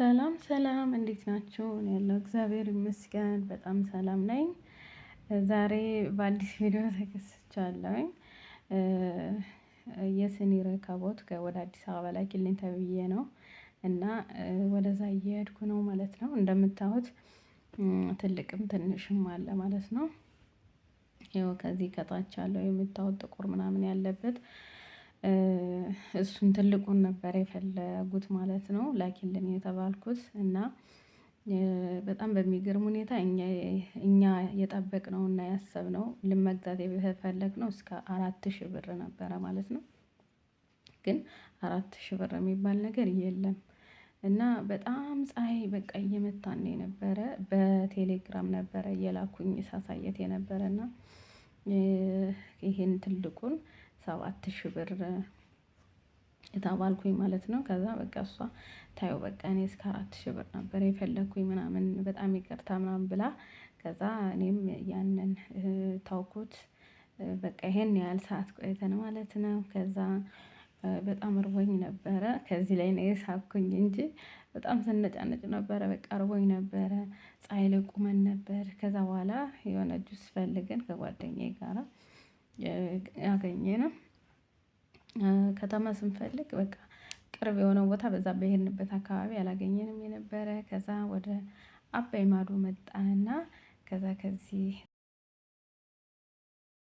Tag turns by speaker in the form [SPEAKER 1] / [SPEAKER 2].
[SPEAKER 1] ሰላም ሰላም እንዴት ናችሁ? እኔ ያለው እግዚአብሔር ይመስገን በጣም ሰላም ነኝ። ዛሬ በአዲስ ቪዲዮ ተከስቻለሁኝ። የስኒ ረከቦት ወደ አዲስ አበባ ላኪልኝ ተብዬ ነው እና ወደዛ እየሄድኩ ነው ማለት ነው። እንደምታዩት ትልቅም ትንሽም አለ ማለት ነው። ይኸው ከዚህ ከታች ያለው የምታዩት ጥቁር ምናምን ያለበት እሱን ትልቁን ነበር የፈለጉት ማለት ነው ላኪልን የተባልኩት እና በጣም በሚገርም ሁኔታ እኛ የጠበቅነው እና ያሰብነው ለመግዛት የፈለግነው እስከ አራት ሺህ ብር ነበረ ማለት ነው። ግን አራት ሺህ ብር የሚባል ነገር የለም። እና በጣም ፀሀይ በቃ እየመታን የነበረ በቴሌግራም ነበረ የላኩኝ ሳሳየት የነበረ እና ይህን ትልቁን ሰባት ሺ ብር የተባልኩኝ ማለት ነው። ከዛ በቃ እሷ ታዩ በቃ እኔ እስከ አራት ሺ ብር ነበር የፈለግኩኝ ምናምን በጣም ይቅርታ ምናምን ብላ ከዛ እኔም ያንን ታውኩት በቃ ይሄን ያህል ሰዓት ቆይተን ማለት ነው። ከዛ በጣም እርቦኝ ነበረ ከዚህ ላይ ነው የሳብኩኝ እንጂ በጣም ስነጫነጭ ነበረ በቃ እርቦኝ ነበረ። ፀሀይ ላይ ቁመን ነበር ከዛ በኋላ የሆነ ጁስ ፈልገን ከጓደኛ ጋራ ነው። ከተማ ስንፈልግ በቃ ቅርብ የሆነው ቦታ በዛ በሄድንበት አካባቢ አላገኘንም የነበረ። ከዛ ወደ አባይ ማዶ መጣንና ከዛ ከዚህ